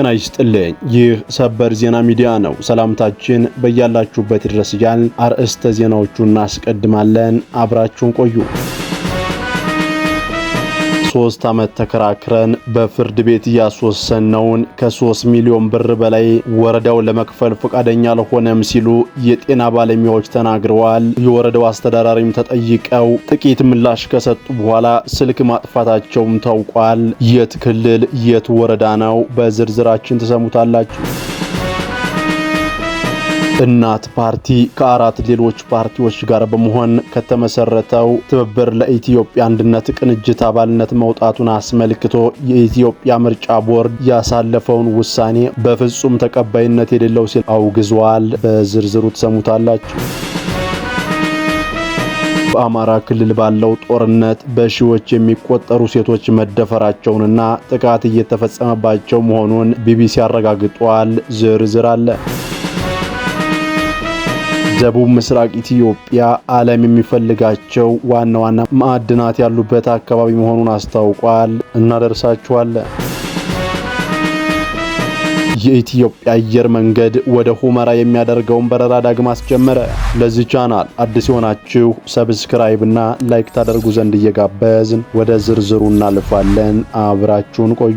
ጤና ይስጥልኝ። ይህ ሰበር ዜና ሚዲያ ነው። ሰላምታችን በያላችሁበት ድረስ እያል አርእስተ ዜናዎቹ እናስቀድማለን። አብራችሁን ቆዩ። ሶስት ዓመት ተከራክረን በፍርድ ቤት እያስወሰነውን ከሶስት ሚሊዮን ብር በላይ ወረዳው ለመክፈል ፈቃደኛ አልሆነም ሲሉ የጤና ባለሙያዎች ተናግረዋል። የወረዳው አስተዳዳሪም ተጠይቀው ጥቂት ምላሽ ከሰጡ በኋላ ስልክ ማጥፋታቸውም ታውቋል። የት ክልል የት ወረዳ ነው? በዝርዝራችን ትሰሙታላችሁ። እናት ፓርቲ ከአራት ሌሎች ፓርቲዎች ጋር በመሆን ከተመሰረተው ትብብር ለኢትዮጵያ አንድነት ቅንጅት አባልነት መውጣቱን አስመልክቶ የኢትዮጵያ ምርጫ ቦርድ ያሳለፈውን ውሳኔ በፍጹም ተቀባይነት የሌለው ሲል አውግዟል። በዝርዝሩ ትሰሙታላችሁ። በአማራ ክልል ባለው ጦርነት በሺዎች የሚቆጠሩ ሴቶች መደፈራቸውንና ጥቃት እየተፈጸመባቸው መሆኑን ቢቢሲ አረጋግጧል። ዝርዝር አለ። ደቡብ ምስራቅ ኢትዮጵያ ዓለም የሚፈልጋቸው ዋና ዋና ማዕድናት ያሉበት አካባቢ መሆኑን አስታውቋል። እናደርሳችኋለን። የኢትዮጵያ አየር መንገድ ወደ ሁመራ የሚያደርገውን በረራ ዳግም አስጀመረ። ለዚህ ቻናል አዲስ የሆናችሁ ሰብስክራይብ እና ላይክ ታደርጉ ዘንድ እየጋበዝን ወደ ዝርዝሩ እናልፋለን። አብራችሁን ቆዩ።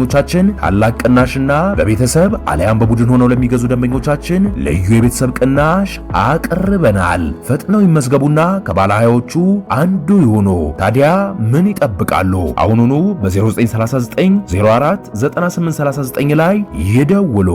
ደንበኞቻችን ታላቅ ቅናሽና በቤተሰብ አለያም በቡድን ሆነው ለሚገዙ ደንበኞቻችን ልዩ የቤተሰብ ቅናሽ አቅርበናል። ፈጥነው ይመዝገቡና ከባለ አንዱ ይሁኑ። ታዲያ ምን ይጠብቃሉ? አሁኑኑ በ0939 9839 ላይ ይደውሉ።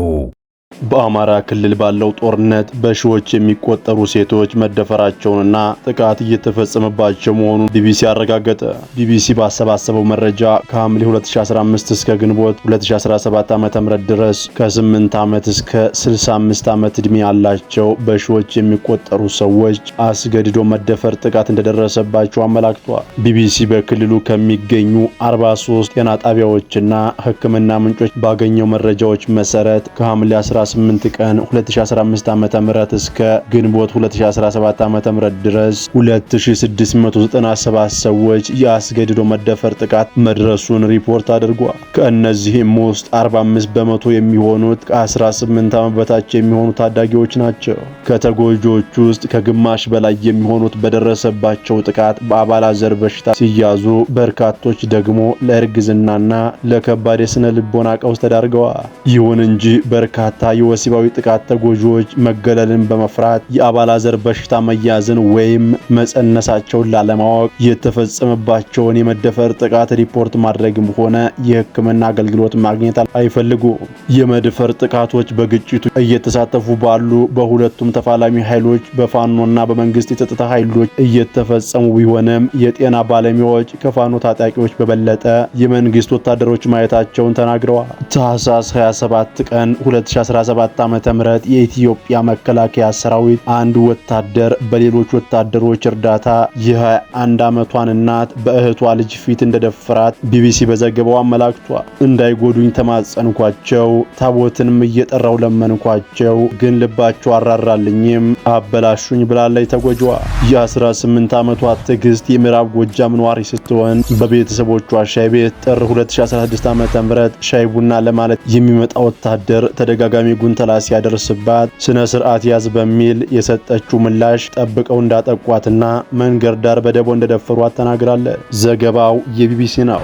በአማራ ክልል ባለው ጦርነት በሺዎች የሚቆጠሩ ሴቶች መደፈራቸውንና ጥቃት እየተፈጸመባቸው መሆኑን ቢቢሲ አረጋገጠ። ቢቢሲ ባሰባሰበው መረጃ ከሐምሌ 2015 እስከ ግንቦት 2017 ዓ.ም ድረስ ከ8 ዓመት እስከ 65 ዓመት ዕድሜ ያላቸው በሺዎች የሚቆጠሩ ሰዎች አስገድዶ መደፈር ጥቃት እንደደረሰባቸው አመላክቷል። ቢቢሲ በክልሉ ከሚገኙ 43 ጤና ጣቢያዎችና ሕክምና ምንጮች ባገኘው መረጃዎች መሰረት ከሐምሌ 18 ቀን 2015 ዓ.ም እስከ ግንቦት 2017 ዓ.ም ድረስ 2697 ሰዎች የአስገድዶ መደፈር ጥቃት መድረሱን ሪፖርት አድርጓል። ከእነዚህም ውስጥ 45 በመቶ የሚሆኑት ከ18 ዓመት በታች የሚሆኑ ታዳጊዎች ናቸው። ከተጎጂዎች ውስጥ ከግማሽ በላይ የሚሆኑት በደረሰባቸው ጥቃት በአባላዘር በሽታ ሲያዙ፣ በርካቶች ደግሞ ለእርግዝናና ለከባድ የስነ ልቦና ቀውስ ተዳርገዋል። ይሁን እንጂ በርካታ የወሲባዊ ጥቃት ተጎጂዎች መገለልን በመፍራት የአባላ ዘር በሽታ መያዝን ወይም መጸነሳቸውን ላለማወቅ የተፈጸመባቸውን የመደፈር ጥቃት ሪፖርት ማድረግም ሆነ የሕክምና አገልግሎት ማግኘት አይፈልጉም። የመድፈር ጥቃቶች በግጭቱ እየተሳተፉ ባሉ በሁለቱም ተፋላሚ ኃይሎች በፋኖና በመንግስት የጸጥታ ኃይሎች እየተፈጸሙ ቢሆንም የጤና ባለሙያዎች ከፋኖ ታጣቂዎች በበለጠ የመንግስት ወታደሮች ማየታቸውን ተናግረዋል። ታህሳስ 27 ቀን 2017 በ2017 ዓ.ም የኢትዮጵያ መከላከያ ሰራዊት አንድ ወታደር በሌሎች ወታደሮች እርዳታ የ21 ዓመቷን እናት በእህቷ ልጅ ፊት እንደደፈራት ቢቢሲ በዘገበው አመላክቷል። እንዳይጎዱኝ ተማጸንኳቸው፣ ታቦትንም እየጠራው ለመንኳቸው፣ ግን ልባቸው አራራልኝም፣ አበላሹኝ ብላለች ተጎጂዋ። የ18 ዓመቷ ትዕግስት የምዕራብ ጎጃም ነዋሪ ስትሆን በቤተሰቦቿ ሻይ ቤት ጥር 2016 ዓ.ም ሻይ ቡና ለማለት የሚመጣ ወታደር ተደጋጋሚ ድጋሚ ጉንተላ ሲያደርስባት ስነ ስርዓት ያዝ በሚል የሰጠችው ምላሽ ጠብቀው እንዳጠቋትና መንገድ ዳር በደቦ እንደደፈሯት ተናግራለች። ዘገባው የቢቢሲ ነው።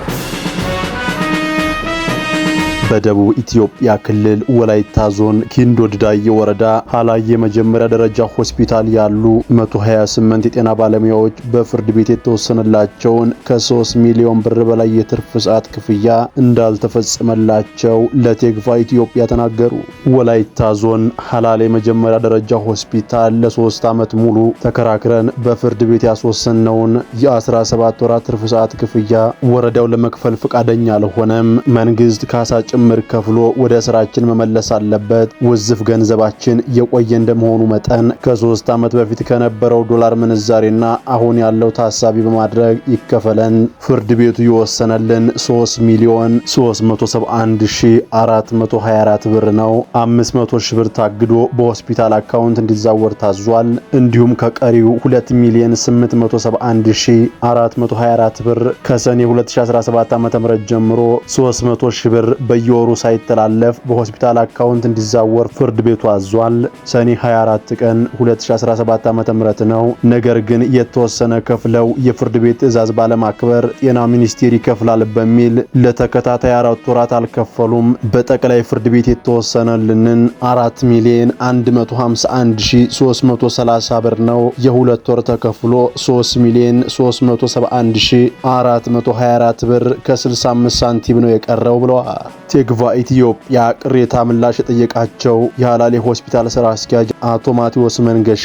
በደቡብ ኢትዮጵያ ክልል ወላይታ ዞን ኪንዶ ድዳዬ ወረዳ ሀላይ የመጀመሪያ ደረጃ ሆስፒታል ያሉ 128 የጤና ባለሙያዎች በፍርድ ቤት የተወሰነላቸውን ከ3 ሚሊዮን ብር በላይ የትርፍ ሰዓት ክፍያ እንዳልተፈጸመላቸው ለቴግቫ ኢትዮጵያ ተናገሩ። ወላይታ ዞን ሀላል የመጀመሪያ ደረጃ ሆስፒታል ለሶስት ዓመት ሙሉ ተከራክረን በፍርድ ቤት ያስወሰነውን የ17 ወራት ትርፍ ሰዓት ክፍያ ወረዳው ለመክፈል ፈቃደኛ አልሆነም። መንግስት ካሳ ጭምር ከፍሎ ወደ ስራችን መመለስ አለበት። ውዝፍ ገንዘባችን የቆየ እንደመሆኑ መጠን ከሶስት ዓመት በፊት ከነበረው ዶላር ምንዛሬና አሁን ያለው ታሳቢ በማድረግ ይከፈለን። ፍርድ ቤቱ የወሰነልን 3 ሚሊዮን 371424 ብር ነው። 500 ሺህ ብር ታግዶ በሆስፒታል አካውንት እንዲዛወር ታዟል። እንዲሁም ከቀሪው 2 ሚሊዮን 871424 ብር ከሰኔ 2017 ዓ.ም ጀምሮ 300 ሺህ ብር በየ በየወሩ ሳይተላለፍ በሆስፒታል አካውንት እንዲዛወር ፍርድ ቤቱ አዟል። ሰኔ 24 ቀን 2017 ዓ.ም ነው። ነገር ግን የተወሰነ ከፍለው የፍርድ ቤት ትዕዛዝ ባለማክበር ጤና ሚኒስቴር ይከፍላል በሚል ለተከታታይ አራት ወራት አልከፈሉም። በጠቅላይ ፍርድ ቤት የተወሰነልንን 4 ሚሊዮን 151330 ብር ነው የሁለት ወር ተከፍሎ 3 ሚሊዮን 371424 ብር ከ65 ሳንቲም ነው የቀረው ብለዋል። የግቫ ኢትዮጵያ ቅሬታ ምላሽ የጠየቃቸው የሀላሌ ሆስፒታል ስራ አስኪያጅ አቶ ማቴዎስ መንገሻ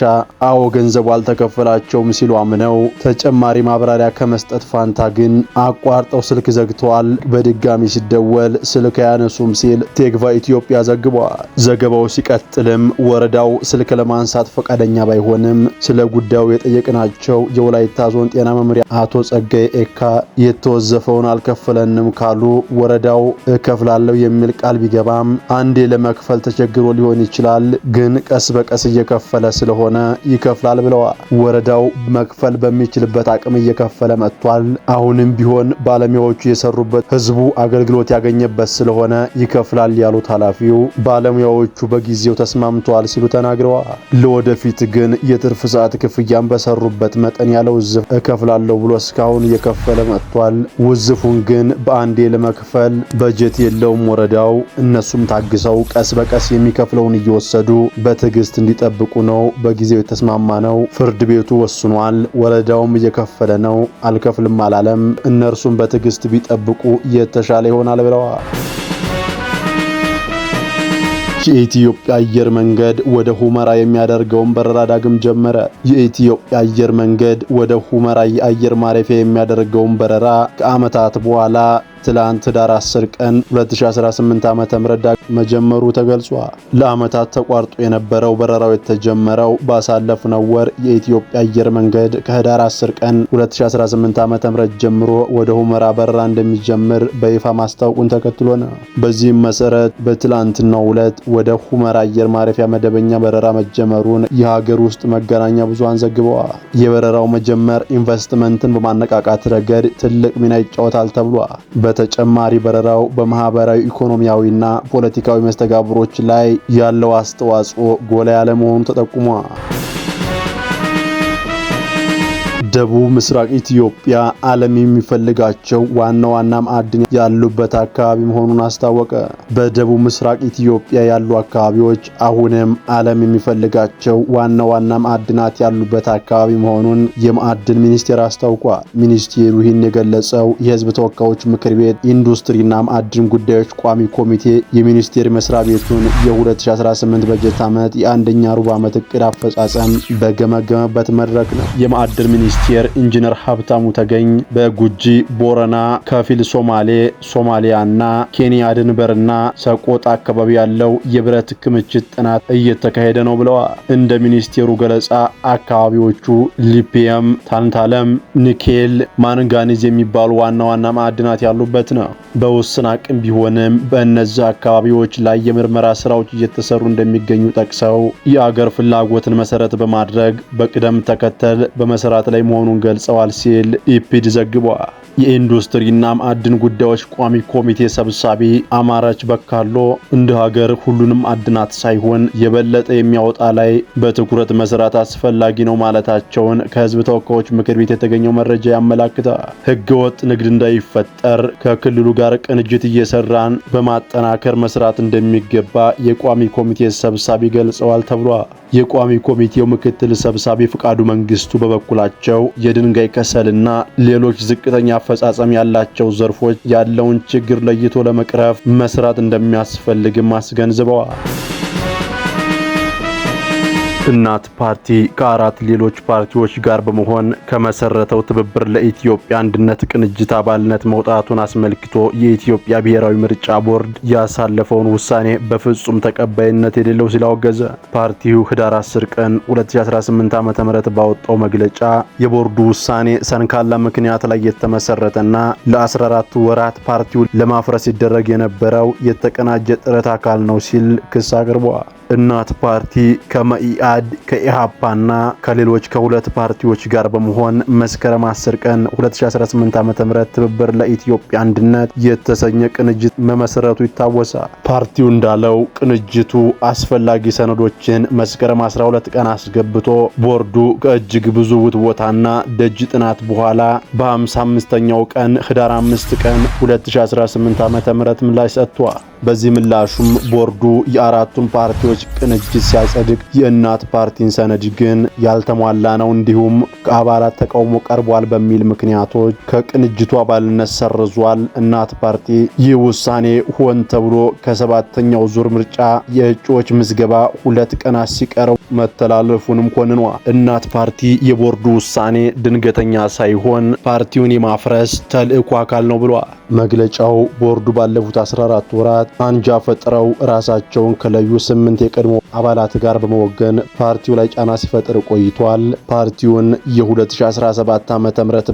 አዎ ገንዘቡ አልተከፈላቸውም ሲሉ አምነው ተጨማሪ ማብራሪያ ከመስጠት ፋንታ ግን አቋርጠው ስልክ ዘግተዋል። በድጋሚ ሲደወል ስልክ አያነሱም ሲል ቴግቫ ኢትዮጵያ ዘግቧል። ዘገባው ሲቀጥልም ወረዳው ስልክ ለማንሳት ፈቃደኛ ባይሆንም ስለ ጉዳዩ የጠየቅናቸው የወላይታ ዞን ጤና መምሪያ አቶ ጸጋዬ ኤካ የተወዘፈውን አልከፈለንም ካሉ ወረዳው እከፍላ እከፍላለሁ የሚል ቃል ቢገባም አንዴ ለመክፈል ተቸግሮ ሊሆን ይችላል፣ ግን ቀስ በቀስ እየከፈለ ስለሆነ ይከፍላል ብለዋል። ወረዳው መክፈል በሚችልበት አቅም እየከፈለ መጥቷል። አሁንም ቢሆን ባለሙያዎቹ የሰሩበት ህዝቡ አገልግሎት ያገኘበት ስለሆነ ይከፍላል ያሉት ኃላፊው ባለሙያዎቹ በጊዜው ተስማምተዋል ሲሉ ተናግረዋል። ለወደፊት ግን የትርፍ ሰዓት ክፍያን በሰሩበት መጠን ያለ ውዝፍ እከፍላለሁ ብሎ እስካሁን እየከፈለ መጥቷል። ውዝፉን ግን በአንዴ ለመክፈል በጀት የለው እንደውም ወረዳው እነሱም ታግሰው ቀስ በቀስ የሚከፍለውን እየወሰዱ በትዕግስት እንዲጠብቁ ነው በጊዜው የተስማማ ነው። ፍርድ ቤቱ ወስኗል። ወረዳውም እየከፈለ ነው። አልከፍልም አላለም። እነርሱም በትዕግስት ቢጠብቁ የተሻለ ይሆናል ብለዋል። የኢትዮጵያ አየር መንገድ ወደ ሁመራ የሚያደርገውን በረራ ዳግም ጀመረ። የኢትዮጵያ አየር መንገድ ወደ ሁመራ የአየር ማረፊያ የሚያደርገውን በረራ ከዓመታት በኋላ ትላንት ዳር 10 ቀን 2018 ዓ.ም መጀመሩ ተገልጿል። ለአመታት ተቋርጦ የነበረው በረራው የተጀመረው ባሳለፍነው ወር የኢትዮጵያ አየር መንገድ ከህዳር 10 ቀን 2018 ዓ.ም ጀምሮ ወደ ሁመራ በረራ እንደሚጀምር በይፋ ማስታወቁን ተከትሎ ነው። በዚህም መሰረት በትላንትናው ዕለት ወደ ሁመራ አየር ማረፊያ መደበኛ በረራ መጀመሩን የሀገር ውስጥ መገናኛ ብዙሃን ዘግበዋል። የበረራው መጀመር ኢንቨስትመንትን በማነቃቃት ረገድ ትልቅ ሚና ይጫወታል ተብሏል። በተጨማሪ በረራው በማህበራዊ ኢኮኖሚያዊና ፖለቲካዊ መስተጋብሮች ላይ ያለው አስተዋጽኦ ጎላ ያለመሆኑ ተጠቁሟል። ደቡብ ምስራቅ ኢትዮጵያ ዓለም የሚፈልጋቸው ዋና ዋና ማዕድን ያሉበት አካባቢ መሆኑን አስታወቀ። በደቡብ ምስራቅ ኢትዮጵያ ያሉ አካባቢዎች አሁንም ዓለም የሚፈልጋቸው ዋና ዋና ማዕድናት ያሉበት አካባቢ መሆኑን የማዕድን ሚኒስቴር አስታውቋል። ሚኒስቴሩ ይህን የገለጸው የህዝብ ተወካዮች ምክር ቤት ኢንዱስትሪና ማዕድን ጉዳዮች ቋሚ ኮሚቴ የሚኒስቴር መስሪያ ቤቱን የ2018 በጀት ዓመት የአንደኛ ሩብ ዓመት እቅድ አፈጻጸም በገመገመበት መድረክ ነው። የማዕድን ሚኒስ ሚኒስቴር ኢንጂነር ሀብታሙ ተገኝ በጉጂ ቦረና፣ ከፊል ሶማሌ፣ ሶማሊያና ኬንያ ድንበርና ሰቆጣ አካባቢ ያለው የብረት ክምችት ጥናት እየተካሄደ ነው ብለዋል። እንደ ሚኒስቴሩ ገለጻ አካባቢዎቹ ሊፒየም፣ ታንታለም፣ ኒኬል፣ ማንጋኒዝ የሚባሉ ዋና ዋና ማዕድናት ያሉበት ነው። በውስን አቅም ቢሆንም በእነዚህ አካባቢዎች ላይ የምርመራ ስራዎች እየተሰሩ እንደሚገኙ ጠቅሰው የአገር ፍላጎትን መሰረት በማድረግ በቅደም ተከተል በመሰራት ላይ መሆኑን ገልጸዋል ሲል ኢፒድ ዘግቧል። የኢንዱስትሪና ማዕድን ጉዳዮች ቋሚ ኮሚቴ ሰብሳቢ አማራች በካሎ እንደ ሀገር ሁሉንም አድናት ሳይሆን የበለጠ የሚያወጣ ላይ በትኩረት መስራት አስፈላጊ ነው ማለታቸውን ከህዝብ ተወካዮች ምክር ቤት የተገኘው መረጃ ያመላክታል። ሕገወጥ ንግድ እንዳይፈጠር ከክልሉ ጋር ቅንጅት እየሰራን በማጠናከር መስራት እንደሚገባ የቋሚ ኮሚቴ ሰብሳቢ ገልጸዋል ተብሏል። የቋሚ ኮሚቴው ምክትል ሰብሳቢ ፍቃዱ መንግስቱ በበኩላቸው የነበረው የድንጋይ ከሰልና ሌሎች ዝቅተኛ አፈጻጸም ያላቸው ዘርፎች ያለውን ችግር ለይቶ ለመቅረፍ መስራት እንደሚያስፈልግም አስገንዝበዋል። እናት ፓርቲ ከአራት ሌሎች ፓርቲዎች ጋር በመሆን ከመሰረተው ትብብር ለኢትዮጵያ አንድነት ቅንጅት አባልነት መውጣቱን አስመልክቶ የኢትዮጵያ ብሔራዊ ምርጫ ቦርድ ያሳለፈውን ውሳኔ በፍጹም ተቀባይነት የሌለው ሲል አወገዘ። ፓርቲው ህዳር 10 ቀን 2018 ዓ.ም ባወጣው መግለጫ የቦርዱ ውሳኔ ሰንካላ ምክንያት ላይ የተመሰረተና ለ14 ወራት ፓርቲው ለማፍረስ ሲደረግ የነበረው የተቀናጀ ጥረት አካል ነው ሲል ክስ አቅርቧል። እናት ፓርቲ ከመኢአድ ከኢሃፓና ከሌሎች ከሁለት ፓርቲዎች ጋር በመሆን መስከረም 10 ቀን 2018 ዓ.ም ትብብር ለኢትዮጵያ አንድነት የተሰኘ ቅንጅት መመሰረቱ ይታወሳል። ፓርቲው እንዳለው ቅንጅቱ አስፈላጊ ሰነዶችን መስከረም 12 ቀን አስገብቶ ቦርዱ ከእጅግ ብዙ ውትወታና ደጅ ጥናት በኋላ በ55ኛው ቀን ህዳር 5 ቀን 2018 ዓ.ም ምላሽ ሰጥቷል። በዚህ ምላሹም ቦርዱ የአራቱን ፓርቲዎች ቅንጅት ሲያጸድቅ የእናት ፓርቲን ሰነድ ግን ያልተሟላ ነው፣ እንዲሁም ከአባላት ተቃውሞ ቀርቧል በሚል ምክንያቶች ከቅንጅቱ አባልነት ሰርዟል። እናት ፓርቲ ይህ ውሳኔ ሆን ተብሎ ከሰባተኛው ዙር ምርጫ የእጩዎች ምዝገባ ሁለት ቀናት ሲቀረው መተላለፉንም ኮንኗል። እናት ፓርቲ የቦርዱ ውሳኔ ድንገተኛ ሳይሆን ፓርቲውን የማፍረስ ተልዕኮ አካል ነው ብሏል። መግለጫው ቦርዱ ባለፉት 14 ወራት አባላት አንጃ ፈጥረው ራሳቸውን ከለዩ ስምንት የቀድሞ አባላት ጋር በመወገን ፓርቲው ላይ ጫና ሲፈጥር ቆይቷል። ፓርቲውን የ2017 ዓ ም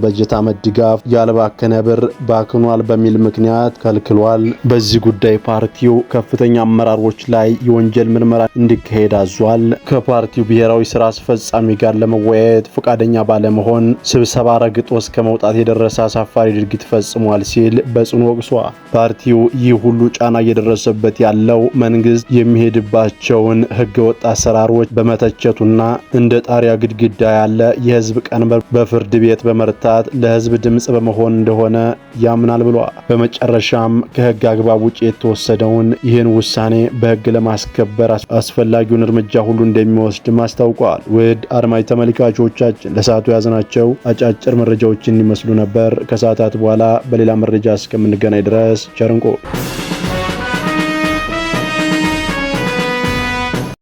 በጀት ዓመት ድጋፍ ያልባከነ ብር ባክኗል በሚል ምክንያት ከልክሏል። በዚህ ጉዳይ ፓርቲው ከፍተኛ አመራሮች ላይ የወንጀል ምርመራ እንዲካሄድ አዟል። ከፓርቲው ብሔራዊ ስራ አስፈጻሚ ጋር ለመወያየት ፈቃደኛ ባለመሆን ስብሰባ ረግጦ እስከ መውጣት የደረሰ አሳፋሪ ድርጊት ፈጽሟል ሲል በጽኑ ወቅሷ ፓርቲው ይህ ሁሉ ጫና እየደረሰበት ያለው መንግስት የሚሄድባቸውን ህገወጥ አሰራሮች በመተቸቱና እንደ ጣሪያ ግድግዳ ያለ የህዝብ ቀንበር በፍርድ ቤት በመርታት ለህዝብ ድምፅ በመሆን እንደሆነ ያምናል ብሏል። በመጨረሻም ከህግ አግባብ ውጭ የተወሰደውን ይህን ውሳኔ በህግ ለማስከበር አስፈላጊውን እርምጃ ሁሉ እንደሚወስድም አስታውቋል። ውድ አድማጭ ተመልካቾቻችን ለሰዓቱ የያዝናቸው አጫጭር መረጃዎችን ይመስሉ ነበር። ከሰዓታት በኋላ በሌላ መረጃ እስከምንገናኝ ድረስ ቸርንቆ